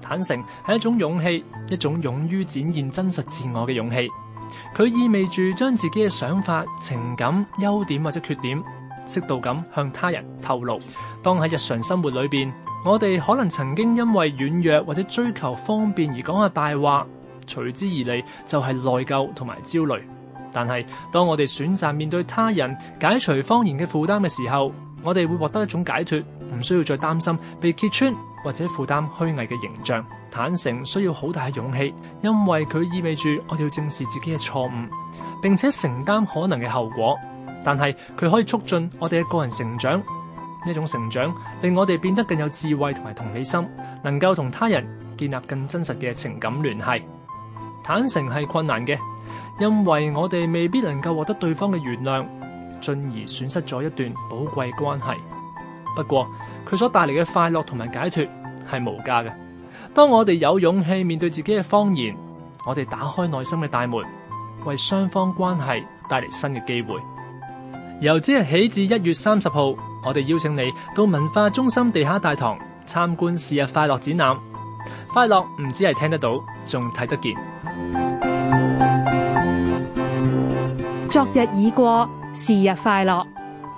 坦誠係一種勇氣，一種勇於展現真實自我嘅勇氣。佢意味住將自己嘅想法、情感、優點或者缺點，適度咁向他人透露。當喺日常生活裏邊，我哋可能曾經因為軟弱或者追求方便而講下大話，隨之而嚟就係內疚同埋焦慮。但係當我哋選擇面對他人，解除謊言嘅負擔嘅時候，我哋會獲得一種解脱，唔需要再擔心被揭穿。或者負擔虛偽嘅形象，坦誠需要好大嘅勇氣，因為佢意味住我哋要正視自己嘅錯誤，並且承擔可能嘅後果。但係佢可以促進我哋嘅個人成長，呢種成長令我哋變得更有智慧同埋同理心，能夠同他人建立更真實嘅情感聯繫。坦誠係困難嘅，因為我哋未必能夠獲得對方嘅原諒，進而損失咗一段寶貴關係。不過佢所帶嚟嘅快樂同埋解脱係無價嘅。當我哋有勇氣面對自己嘅謊言，我哋打開內心嘅大門，為雙方關係帶嚟新嘅機會。由即日起至一月三十號，我哋邀請你到文化中心地下大堂參觀是日快樂展覽。快樂唔止係聽得到，仲睇得見。昨日已過，是日快樂。